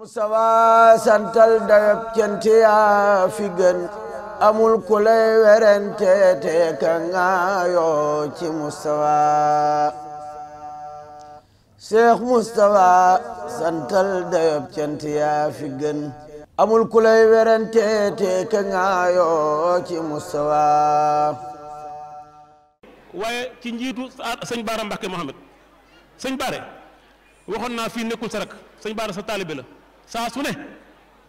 Mustafa santal dayob cante yaa fi gën amul ku lay werante te ka ngaayoo ci Mustafa Cheikh Mustafa santal dayob cante yaa fi gën amul ku lay werante te ka ngaayoo ci Mustafa waaye ci njiitu sëñ Baara Mbacke Mohamed sëñ Baare waxoon naa fii nekkul sa rak sëñ Baara sa taalibe la saa su ne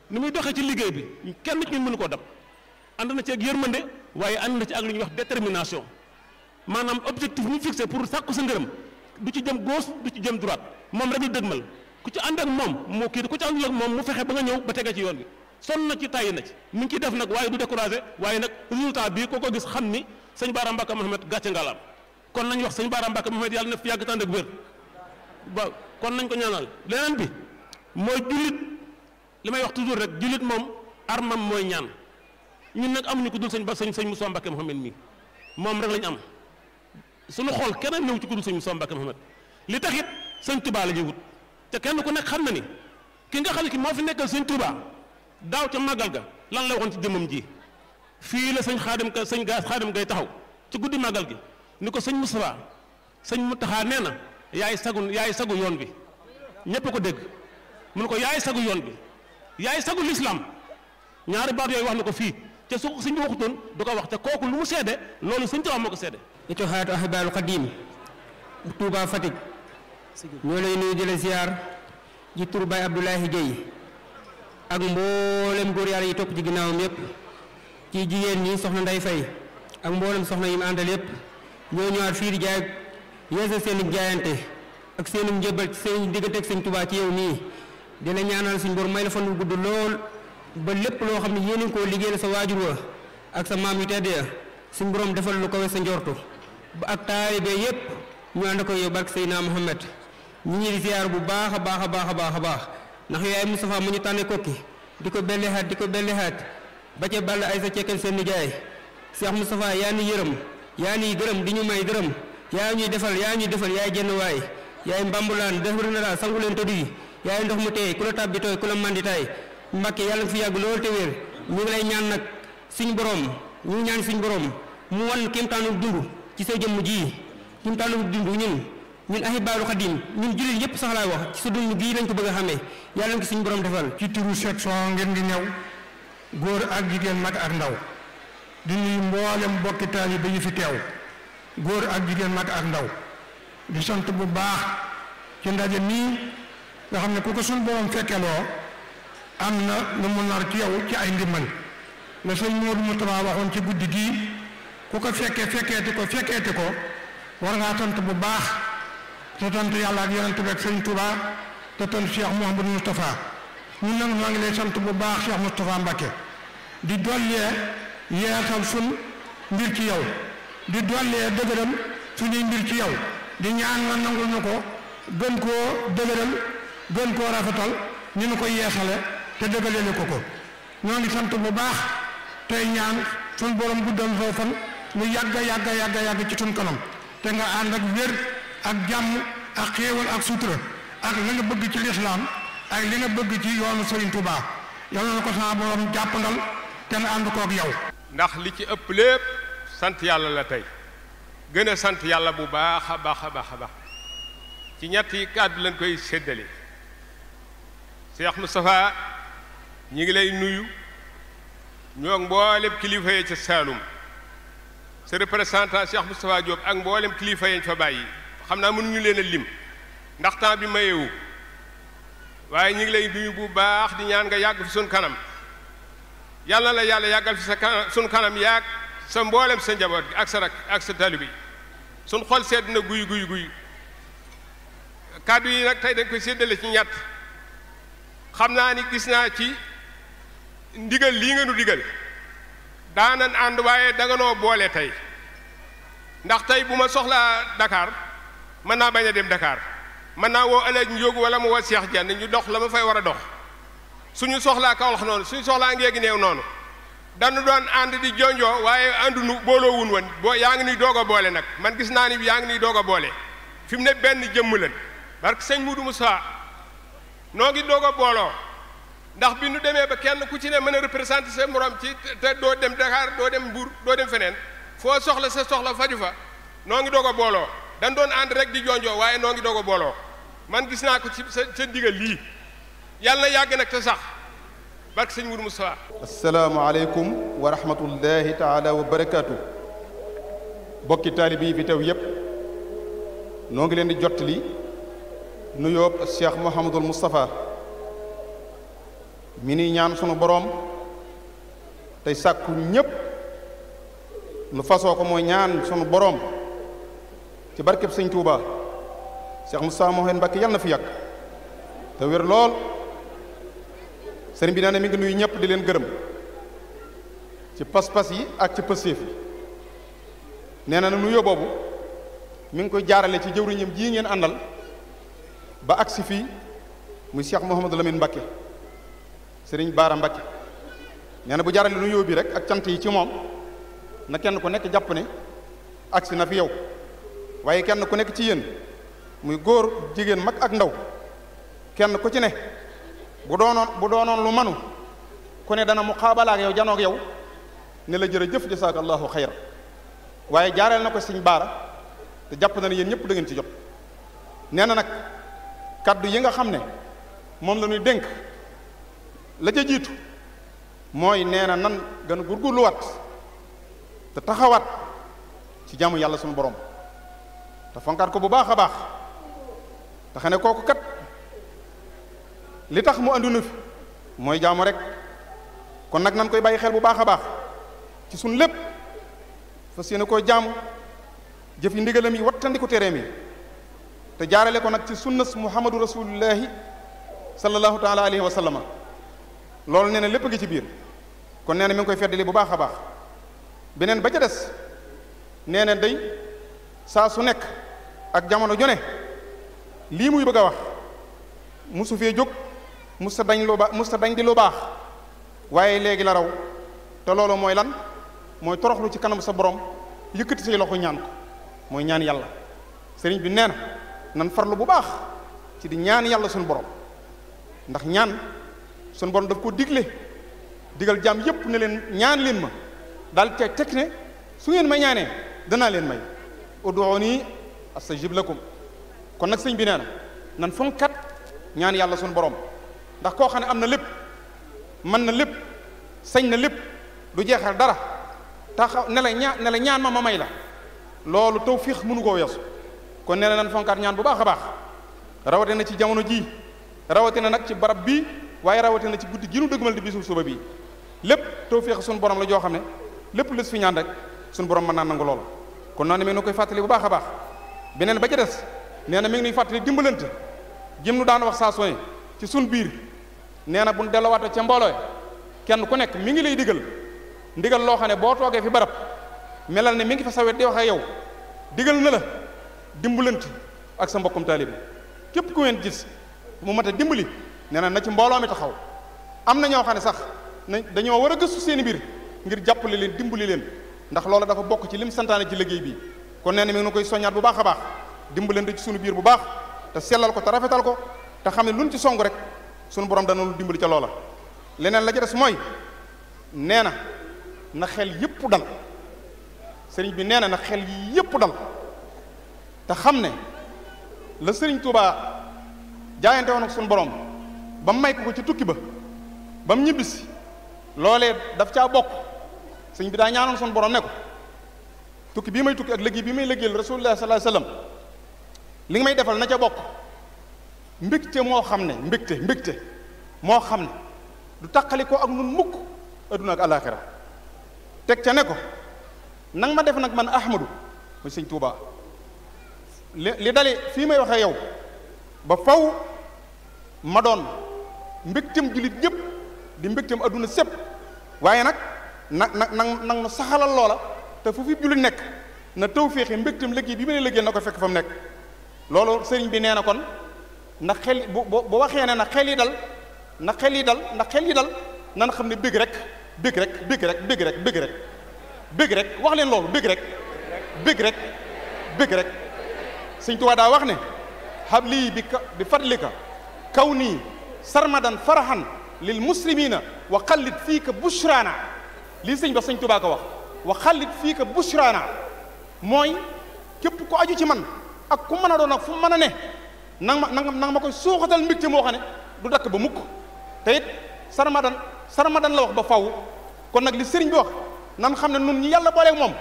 ni muy doxee ci liggéey bi kenn ci ñun mënu koo dab ànd na ci ak yërmande waaye ànd na ci ak lu ñuy wax détermination maanaam objectif mu fixé pour sàkku sa ngërëm du ci jëm gauche du ci jëm droite moom rek lu dëgmal ku ci ànd ak moom moo kiir ku ci àndul ak moom mu fexe ba nga ñëw ba tege ci yoon bi sonn na ci tàyyi na ci mu ngi def nag waaye du découragé waaye nag résultat bi koo ko gis xam ni sëñ Baara Mbacke Mohamed gàcce ngalaam kon nañ wax sëñ Baara Mbacke Mohamed yàlla na fi yàgg tànd waaw kon nañ ko ñaanal leneen bi li may wax toujours rek jullit moom armam mooy ñaan ñun nag amuñu ko dul sëñ ba sëñ sëñ Moussa Mbacké Mouhamed mii moom rek lañu am suñu xool keneen ñëw ci ku dul sëñ Moussa Mbacké Mouhamed li tax it sëñ Touba la wut te kenn ku nekk xam na ni ki nga xam ne ki moo fi nekkal sëñ Touba daaw ca màggal ga lan la waxoon ci jëmmam jii fii la sëñ xaadim ka sëñ gaa xaadim ngay taxaw ci guddi màggal gi ni ko sëñ sañ mu Mountakha nee na yaay sagu yaay sagu yoon bi ñépp ko dégg mu ko yaay sagu yoon bi yaay sagul lislaam ñaari baat yooyu wax na ko fii te su ko suñ bi waxutoon du ko wax te kooku lu mu seede loolu suñ tubaab moo ko seede ittihaadu ahibaalu xadiim Touba Fatick ñoo lay nuyu di la ziar ji tur Baay Abdoulahi Gueye ak mboolem góor yàlla yi topp ci ginnaawam yépp ci jigéen ñi soxna Nday Fay ak mboolem soxna yi mu àndal yépp ñoo ñëwaat fii di jaay yeesal seen jaayante ak seen njëbal seen diggante ak seen Touba ci yow nii di la ñaanal suñu borom may la fan wu gudd lool ba lépp loo xam ne yéen koo liggéeyal sa waajur wa ak sa maam yu tedd ya suñu borom defal lu kawe sa njortu ba ak taalibe yépp ñu ànd ko yow barke Seydina Muhammad ñu ngi di ziar bu baax a baax a baax a baax a baax ndax yaay Moustapha mu ñu tànne kokki di ko bellehaat di ko bellehaat ba ca ball ay sa cekkal seen nijaay Cheikh Moustapha yaa ni yërëm yaa ni gërëm di ñu may gërëm yaa ñuy defal yaa ñuy defal yaay jenn waay yaay mbambulaan defar na laa sangu leen tëdd yi yaay ndox mu teey ku la tàbbi tooy ku la manditaay mbakke yàlla nga fi yàgg loolu te ñu lay ñaan nag suñ borom ñu ngi ñaan suñ borom mu wan kéem taanu dund ci sa jëmm ji kéem taanu dund ñun ñun ahibaalu xadim ñun jullit yépp sax laay wax ci sa dund gii lañ ko bëgg a xamee yàlla nga suñ borom defal. ci turu section ngeen di ñëw góor ak jigéen mag ak ndaw di nuyu mboolem mbokki fi teew góor ak jigéen mag ak ndaw di sant bu baax ci ndaje mii. nga xam ne ku ko suñ borom fekkeloo am na lu mu nar ci yow ci ay ndimbal la sëñ Moodu Mustafaa waxoon ci guddi gii ku ko fekkee fekkeeti ko fekkeeti ko war ngaa tontu bu baax te tontu yàlla ak yonent bi ak sëñ Tuubaa te tontu Cheikh Mouhamadou Moustapha ñun nag maa ngi lay sant bu baax Cheikh Moustapha Mbacké di dollee yeesal suñ mbir ci yow di dollee dëgëral suñuy mbir ci yow di ñaan nga nangul ñu ko gën koo dëgëral gën koo rafetal ni nu ko yeesale te dëggalelu ko ko ñoo ngi sant bu baax tey ñaan suñ borom guddal soo fan lu yàgga yàgga yàgga yàgg ci suñ kanam te nga ànd ak wér ak jàmm ak xéewal ak sutura ak li nga bëgg ci lislaam ak li nga bëgg ci yoonu Sëriñ Tuubaa yow na ko sama borom jàppandal te nga ànd kook yow ndax li ci ëpp lépp sant yàlla la tey gën sant yàlla bu baax a baax a baax a baax ci ñetti kàddu lañ koy séddale Cheikh Moustapha ñi ngi lay nuyu ñoo mboolem kilifa yi ca Saalum sa représentant Cheikh Moustapha Diop ak mboolem kilifa fa bàyyi xam naa mënuñu leen a lim ndax temps bi mayewu waaye ñi ngi lay nuyu bu baax di ñaan nga yàgg fi suñ kanam yàlla la yàlla yàggal fi sa kanam kanam yàgg sa mboolem sa njaboot bi ak sa rak ak sa taalibe bi suñ xol sedd na guy guy guy kàddu yi nag tey dañ koy séddale ci ñett xam naa ni gis naa ci ndigal lii nga nu digal daanan ànd waaye danga noo boole tey ndax tey bu ma soxlaa dakaar mën naa bañ a dem dakaar mën naa woo Alaaji Njóogu wala mu woo Seex Jeen ñu dox la ma fay war a dox suñu soxlaa Kawlax noonu suñu soxlaa ngeegi neew noonu danu doon ànd di jonjoo waaye àndunu booloo wun woon boo yaa ngi nuy doog a boole nag man gis naa ni yaa ngi nuy doog a boole fi mu ne benn jëmm lan barke sëñ Mudu Musaa noo ngi doog a booloo ndax bi nu demee ba kenn ku ci ne mën a représenté seen morom ci te doo dem Dakar doo dem Mbour doo dem feneen foo soxla sa soxla faju fa noo ngi doog a booloo dañ doon ànd rek di jonjoo waaye noo ngi doog booloo man gis naa ko ci sa sa ndigal lii yàlla na yàgg nag te sax barke sëñ Mourou Moustapha asalaamaaleykum wa rahmatullahi taala wa barakaatu bokki taalibe yi fi teew yépp noo ngi leen di jot lii nu yóob cheikh mohamadul moustapha mi ni ñaan sunu boroom tey sàkku ñépp nu fasoo ko mooy ñaan sunu boroom ci barkeb sëñ Tuuba cheikh moustapha Mohamed Mbacké yal na fi yàgg te wér lool sëriñ bi nee na mi ngi nuyu ñëpp di leen gërëm ci pas yi ak ci pëstéef yi nee na nuyoo boobu mu ngi ko jaarale ci jëwriñam jii ngeen àndal ba agsi fii muy Cheikh Mouhamadou Lamine Mbacke Serigne Baara Mbacke nee bu jaarale nu yóbbi rek ak cant yi ci moom na kenn ku nekk jàpp ne agsi na fi yow waaye kenn ku nekk ci yéen muy góor jigéen mag ak ndaw kenn ku ci ne bu doonoon bu doonoon lu manu ku ne dana mu xaabala ak yow janoog yow ne la jër jërëjëf jasakallahu xayra waaye jaareel na ko Serigne Baara te jàpp na ne yéen ñëpp da ci jot nee na nag. kaddu yi nga xam ne moom la ñuy dénk la ca jiitu mooy nee na nan gën a gurgurluwaat te taxawaat ci jaamu yàlla sunu borom te fonkaat ko bu baax a baax te xam kooku kat li tax mu andinu fi mooy jaamu rek kon nag nan koy bàyyi xel bu baax a baax ci sun lépp fas yéene koo jaamu jëf yi ndigalam yi wattandi ko tereem yi te jaarale ko nag ci sunnas muhammadu rasulullahi sallallahu taala alayhi wa sallama loolu nee na lépp ngi ci biir kon nee na mi ngi koy feddali bu baax a baax beneen ba ca des nee na day saa su nekk ak jamono jone lii muy bëgg a wax musu fee jóg mus ta dañ lu ba mus ta dañ di lu baax waaye léegi la raw te looloo mooy lan mooy toroxlu ci kanam sa borom yëkkati say loxo ñaan ko mooy ñaan yàlla sëriñ bi nee nan farlu bu baax ci di ñaan yàlla suñu borom ndax ñaan son borom daf ko digle digal jaam yépp ne leen ñaan leen ma daal te teg ne su ngeen ma ñaanee danaa leen may ud'uuni astajib lakum kon nag sëñ bi nee na nan fonkat ñaan yàlla son borom ndax koo xam ne am na lépp mën na lépp sañ na lépp du jeexal dara tax ne la ñaan la ñaan ma ma may la loolu tawfiix mënu koo weesu kon nee na nan fonkaat ñaan bu baax a baax rawatina ci jamono ji rawatina nag ci barab bi waaye rawatina ci guddi gi nu dëgmal di bisu suba bi lépp tawféex suñu borom la joo xam ne lépp lës fi ñaan rek suñu borom mën naa nangu lool kon noonu mi nu koy fàttali bu baax baax beneen ba ca des nee na mi ngi nuy fàttali dimbalante jëm nu daan wax saa yi ci sun biir nee na bu nu delluwaatee ca mbooloo kenn ku nekk mi ngi lay digal ndigal loo xam ne boo toogee fi barab melal ne mi ngi fa sawet di wax yow digal na la dimbalante ak sa mbokkum taalibe képp ku ngeen gis mu mat a dimbali nee na ci mbooloo mi taxaw am na ñoo xam ne sax na dañoo war a gëstu seeni biir ngir jàppale leen dimbali leen ndax loola dafa bokk ci lim santaane ci liggéey bi kon nee na mi ngi koy soññaat bu baax a baax dimbalante ci sunu biir bu baax te sellal ko ta rafetal ko te xam ne luñ ci song rek sunu borom dana lu dimbali ca loola leneen la ca des mooy nee na na xel yépp dal sëriñ bi nee na na xel yépp dal te xam ne la sëriñ Touba jaayante woon ak suñu borom ba mu may ko ci tukki ba ba mu ñibbisi loolee daf caa bokk sëñ bi daa ñaanoon suñu borom ne ko tukki bii may tukki ak liggéey bii may liggéeyal rasulullah sallallahu alayhi li may defal na ca bokk mbégte moo xam ne mbégte mbégte moo xam ne du taqali ko ak nun mukk adduna ak alaxira teg ca ne ko nang ma def nag man ahmadu muy sëñ Touba. li li dale fii may waxee yow ba faw ma doon mbégtam jullit ñëpp di mbégtam adduna sépp waaye nag nag nag nag nag nu saxalal loola te foofu fi jullit nekk na taw féexe mbégtam liggéey bi ma ne liggéey na ko fekk fa mu nekk loolu sëriñ bi nee na kon na xel bu bu waxee ne na xel yi dal na xel yi dal na xel yi dal nan xam ne bëgg rek bëgg rek bëgg rek bëgg rek bëgg wax leen loolu bëgg rek bëgg rek bëgg rek sëñ Tuubaa daa wax ne hablii bi bi fadlika kaw nii sarmadan farahan lil muslimina wax xallit fii ka bushraana lii sëñ ba sëñ Tuubaa ko wax wa xallit fii ka bushraana mooy képp ku aju ci man ak ku mën a doon ak fu mën a ne na nga ma na nga ma koy suuxatal mbégte moo xam ne du dakk ba mukk te it sarmadan sarmadan la wax ba faw kon nag li sëriñ bi wax nan xam ne nun ñi yàlla booleeg moom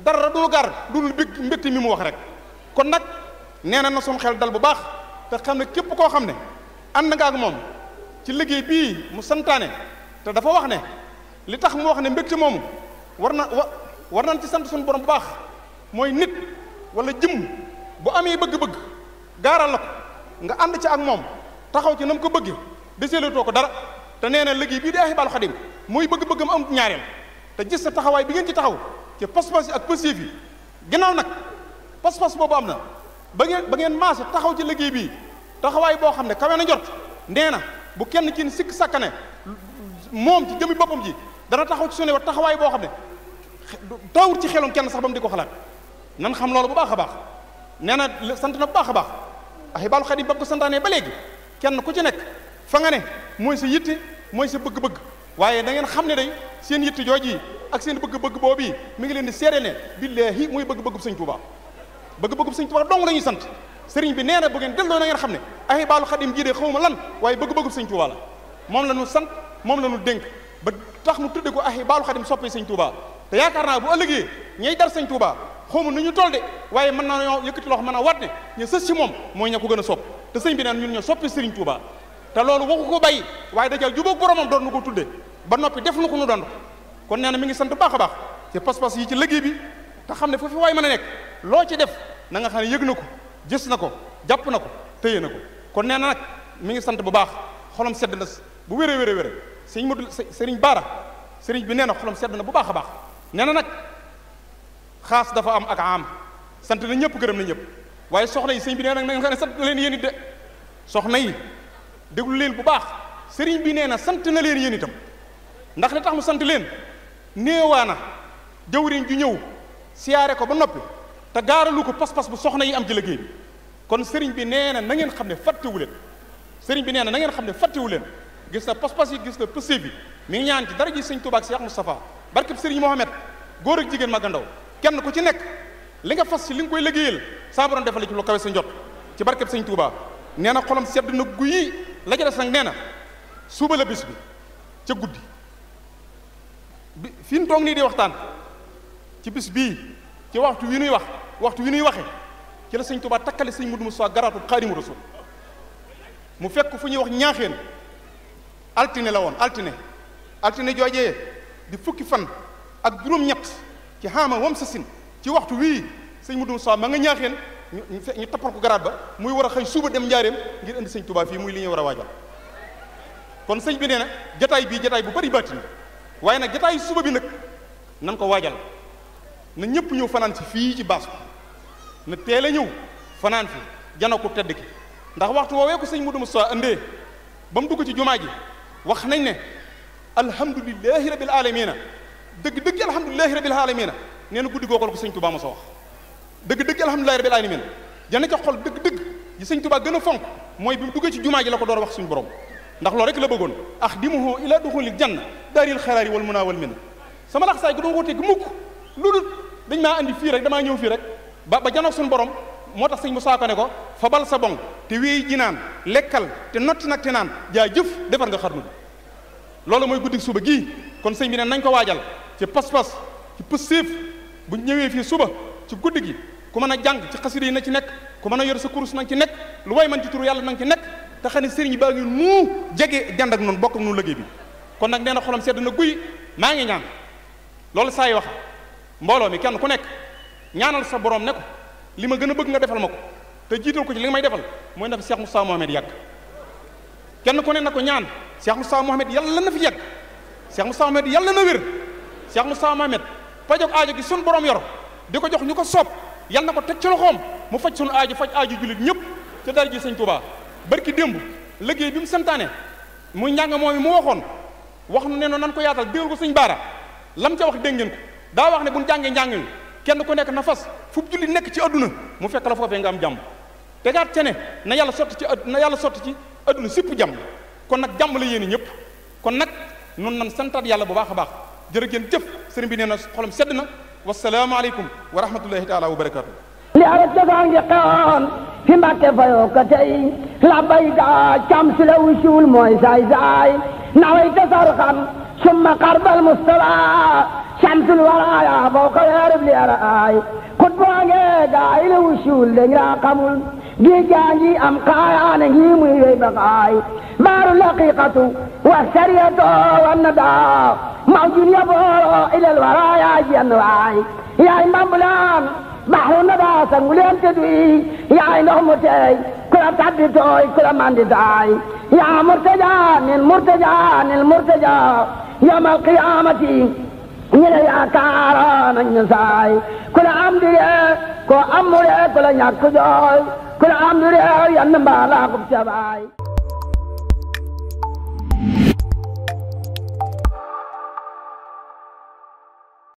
dara dul gar dul bég mbégte mi mu wax rek kon nag nee na na suñu xel dal bu baax te xam ne képp koo xam ne ànd nga ak moom ci liggéey bii mu santaane te dafa wax ne li tax mu wax ne ci moomu war na wa war nañ ci sant suñu borom bu baax mooy nit wala jëm bu amee bëgg-bëgg gaaral la ko nga ànd ci ak moom taxaw ci na ko bëgg di seelatoo ko dara te nee na liggéey bii di Ahibahil Khadim muy bëgg-bëggam am ñaareel te gis sa taxawaay bi ngeen ci taxaw ci pas yi ak pësiif yi ginnaaw nag pas-pas boobu am na ba ngeen ba ngeen maase taxaw ci liggéey bii taxawaay boo xam ne kawe na jot nee na bu kenn ci sikk sakkane moom ci jëmi boppam ji dana taxaw ci sunu wa taxawaay boo xam ne tawut ci xelum kenn sax ba mu di ko xalaat nan xam loolu bu baax a baax nee na sant na bu baax a baax ahibaalu xadim ba ko santaanee ba léegi kenn ku ci nekk fa nga ne mooy si yitte mooy si bëgg-bëgg waaye da ngeen xam ne day seen yitte jooji ak seen bëgg-bëgg boobu mi ngi leen di seere ne billaahi muy bëgg-bëgg sëñ Tuubaa bëgg-bëggu sëñ Tuubaa dong la ñuy sant sëriñ bi nee na bu ngeen delloo na ngeen xam ne ay baalu xadim jii de xaw ma lan waaye bëgg-bëggu sëñ Tuubaa la moom la ñu sant moom la ñu ba tax mu tudde ko ay baalu xadim soppee sëñ Tuubaa te yaakaar naa bu ëllëgee ñay dar sëñ Tuubaa xaw ma nu ñu toll de waaye mën naa ñoo yëkkati loxo mën a waat ne ñu sës ci moom mooy ña ko gën a sopp te sëñ bi naan ñun ñoo soppi sëriñ Tuubaa te loolu waxu ko bàyyi waaye dajal jubóog boromam doon nu ko tudde ba noppi def ko nu doon kon nee na mi ngi sant a baax ci pas-pas bi te xam ne foofu waay ma a nekk loo ci def nanga xam ne yëg na ko gis na ko jàpp na ko téye na ko kon nee na nag mi ngi sant bu baax xolam sedd na bu wéree wéree wéree sëriñ Modou sëriñ Baara sëriñ bi nee na xolam sedd na bu baax a baax nee na nag xaas dafa am ak am sant na ñëpp gërëm na ñëpp waaye soxna yi sëriñ bi nee na nga xam ne sant na leen yéen de soxna yi déglu leen bu baax sëriñ bi nee na sant na leen yéen itam ndax li tax mu sant leen néewaa na jawriñ ju ñëw siyaare ko ba noppi te gaaralu ko pas-pas bu soxna yi am ci liggéey bi kon sëriñ bi nee na na ngeen xam ne fàttewu leen sëriñ bi nee na na ngeen xam ne fattewu leen gis na pas-pas yi gis na pësé bi mi ngi ñaan ci dara ji sëñ Tuubaa ak Cheikh Moustapha barkeb sëriñ Mohamed góor ak jigéen mag ak ndaw kenn ku ci nekk li nga fas ci li nga koy liggéeyal saa borom defal ci lu kawe sa njot ci barkeb sëñ Tuubaa nee na xolam sedd na guyi la ca des nag nee na suba la bis bi ca guddi fii fi mu toog nii waxtaan ci bis bii ci waxtu wi nuy wax waxtu wi nuy waxe ci la sëñ Tuubaa takkale sëñ Mudu Mustafaa garaatub Xaadimu Rasuul mu fekk fu ñuy wax ñaaxeen altine la woon altine altine joojee di fukki fan ak juróom-ñett ci xaama wam sa sin ci waxtu wii sëñ Mudu Mustafaa ma nga ñaaxeen ñu tappal ko garaat ba muy war a xëy suuba dem njaareem ngir indi sëñ Tuubaa fii muy li ñuy war a waajal kon sëñ bi nee na jataay bii jataay bu bari baatin waaye nag jataay suba bi nag nan ko waajal na ñëpp ñëw fanaan si fii ci baas na teel a ñëw fanaan fi jana ko tedd ki ndax waxtu woowee ko sëñ Modou Moussa indee ba mu dugg ci jumaa ji wax nañ ne alhamdulilahi rabil alamina dëgg dëgg alhamdulilahi rabil alamina nee na guddi gookal ko sëñ Touba Moussa wax dëgg dëgg alhamdulilahi rabil alamina jana ca xol dëgg dëgg yi sëñ Touba gën a fonk mooy bi mu duggee ci jumaa ji la ko door wax suñu borom ndax loolu rek la bëggoon ax dimuhu ila duxulil janna daaril xaraari wal munaa wal min sama laxsaay gi doon wootee dañ maa andi fii rek damaa ñëw fii rek ba ba janoog suñu borom moo tax sëñ Musaa Ka ko fabal sa bon te wéy ji naan lekkal te notti nag te naan jaa jëf defar nga xarnu loolu mooy guddi suba gii kon sëñ bi ne nañ ko waajal ci pas-pas ci ñëwee fii suba ci guddi gi ku mën a jàng ci xasida yi na ci nekk ku mën a yor sa kurus na ci nekk lu way man ci turu yàlla na nga ci nekk te xam ne sëriñ baa ngi mu jege jànd ak noonu bokk ak noonu liggéey bi kon nag nee na xolam sedd na guy maa ngi ñaan loolu saa yi wax mbooloo mi kenn ku nekk ñaanal sa borom ne li ma gën a bëgg nga defal ma ko te jiital ko ci li nga may defal mooy na fi Cheikh Moustapha Mohamed yàgg kenn ku ne na ko ñaan Cheikh Moustapha Mohamed yàlla na fi yàgg Cheikh Moustapha Mohamed yàlla na wér Cheikh Moustapha Mohamed pajog aajo gi sun borom yor di ko jox ñu ko soob yal na ko teg ci loxoom mu faj sunu aajo faj aajo jullit ñëpp te dara ji sëñ Touba ki démb liggéey bi mu santaane mu njàng moom mi mu waxoon wax nu ne noonu ko yaatal déggal ko sëñ baara lam ca wax dégg daa wax ne bu ñu jàngee kenn ku nekk na fas fukk julli nekk ci adduna mu fekk la foofee nga am jàmm tegaat ca ne na yàlla sotti ci na yàlla sotti ci adduna sipp jam kon nag jàmm la yéene kon nag nun nan santaat yàlla bu baax a baax jërë ngeen jëf sëriñ bi nee na xolam sedd na wasalaamaaleykum wa rahmatullahi taala wa barakaatu li awa dafaa ngi xewoon fi mbàkke fayoo ko tey la bayka cam si la wusuul mooy saay saay naway tasar xam summa xarbal mustawa samsul waraaya ah, boo ko weerub leeraay xut baa ngee gaay la wusuul dañ laa xamul géej gaa ngi am xaayaana ngi muy wey ba xaay baaru laqiqatu wa sariyatu wa nadaa maw jun ya booro ilal waraaya jenn waay yaay mbambulaan baxru nadaa sangu leen te duy yaay ndox mu teey ku la tabbi tooy ku la mandi taay yaa murtajaa nil murtajaa nil murtajaa yawmal qiyaamati ñi la yaakaaroon ak ñu saay ku la am di réer koo amul réer ku la ñàkk jooy ku la am di réer yenn mbaa laa ko ca